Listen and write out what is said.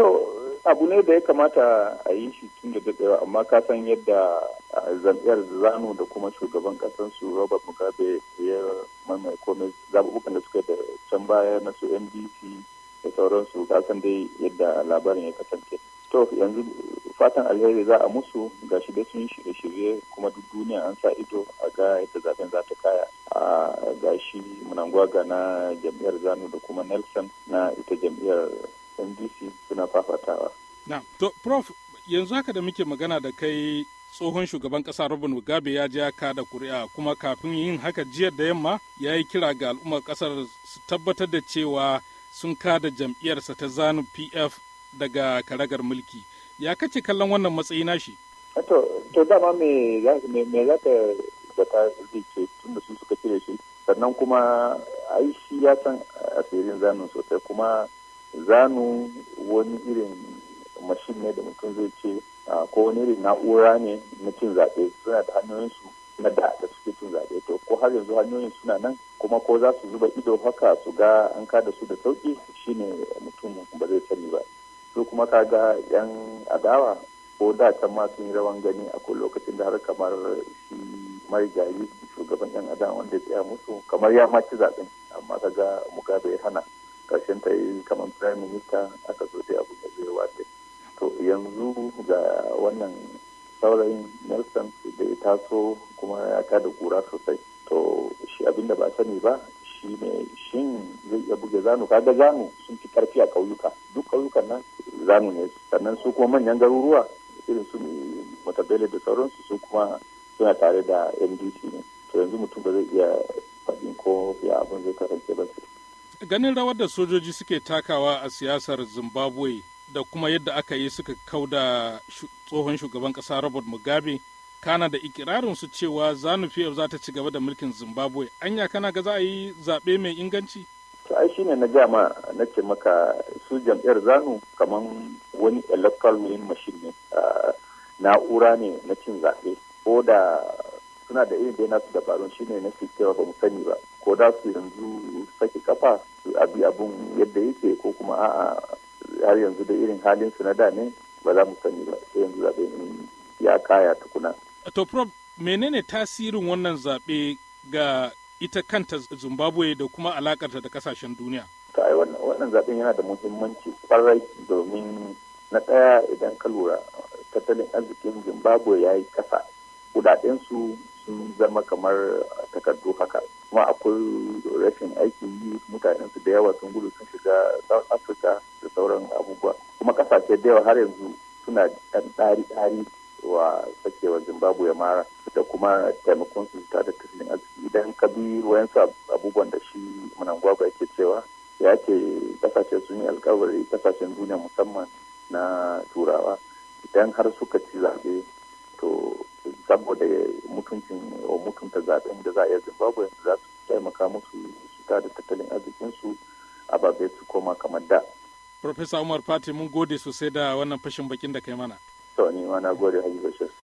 To abu ne da ya kamata a yi shi tun da daɗewa amma ka san yadda zanɗiyar zanu da kuma shugaban su Robert Mugabe ya mamaye komai zaɓuɓɓukan da suka da can baya na su ndc da sauransu ka san dai yadda labarin ya kasance. To yanzu fatan alheri za a musu ga shi da sun shirye-shirye kuma duk duniya an sa ido a ga yadda zaben za ta kaya a gashi munangwaga na jam'iyyar zanu da kuma nelson na ita jam'iyyar ndc suna fafatawa na to prof yanzu haka da muke magana da kai tsohon shugaban kasa Robin Mugabe ya je ya da kuri'a kuma kafin yin haka jiya da yamma ya yi kira ga al'ummar kasar su tabbatar da cewa sun kada jam'iyyarsa ta zanu PF daga karagar mulki. Ya kace kallon wannan matsayi nashi? To, to dama me za ta zata zai tun da su suka cire shi sannan kuma ai shi ya san asirin zanun sosai kuma zanu wani irin mashin ne da mutum zai ce ah, ko wani irin na'ura ne na cin zaɓe suna da hanyoyinsu na da da suke cin zaɓe to ko har yanzu hanyoyin suna nan kuma ko za su zuba ido haka su ga an da su da sauki shine mutum ba zai sani ba su kuma ka ga yan adawa ko da can ma sun yi rawan gani akwai lokacin da har kamar shi marigayi shugaban yan adawa wanda ya tsaya musu kamar ya maci zaɓen amma ga mugabe hana karshen ta yi kamar prime minister aka zo sai abu da zai wace to yanzu ga wannan saurayin nelson da ya taso kuma ya ta da kura sosai to shi abin da ba sani ba shi ne shin zai iya buge zanu kaga zanu sun fi karfi a ƙauyuka duk kauyukan nan zanu ne sannan su kuma manyan garuruwa irin su matabele da sauransu su kuma suna tare da ndc ne to yanzu mutum ba zai iya ganin rawar da sojoji suke takawa a siyasar zimbabwe da kuma yadda aka yi suka kauda tsohon shugaban ƙasa robert mugabe kana da ikirarin su cewa zanu pf za ta ci gaba da mulkin zimbabwe anya kana ga za a yi zaɓe mai inganci to ai shine na gaya ma na ce maka su jam'iyyar zanu kamar wani electoral machine ne ah, na'ura ne na cin zaɓe ko da suna da irin da nasu dabarun shine na cewa ba mu sani ba ko da su yanzu saki kafa su abi abun yadda yake ko kuma a'a har yanzu da irin halin su na da ne ba za mu sani ba sai yanzu zaɓe ya kaya tukuna. To Prof, menene tasirin wannan zaɓe ga ita kanta Zimbabwe da kuma alakarta da kasashen duniya? Kai wannan zaɓen yana da muhimmanci kwarai domin na ɗaya idan ka lura tattalin arzikin Zimbabwe ya yi ƙasa su sun zama kamar takardu haka kuma akwai rashin aiki yi mutanen su da yawa sun gudu sun shiga south africa da sauran abubuwa kuma kasashe da yawa har yanzu suna dan tsari tsari wa sakewa zimbabwe ya mara da kuma taimakon su ta da tattalin arziki idan ka bi wayansu abubuwan da shi munangwagwa yake cewa ya ce kasashe sun yi alkawari kasashen duniya musamman na turawa idan har suka ci zaɓe to saboda mutuncin mutunta zaben da za a yi zimbabwe za su taimaka musu su da tattalin arzikinsu a ababe su koma kamar da. Profesa Umar Fati mun gode sosai da wannan fashin bakin da kai mana. sau ni ma na gode Hajji Bashir.